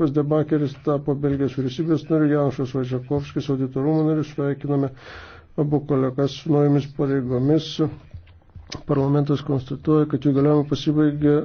Vas Debakeris tapo Belgijos vyriausybės nariu, Janšas Važiakovskis auditorumo nariu, sveikiname abu kolegas su naujomis pareigomis. Parlamentas konstatuoja, kad jų galiojimą pasibaigė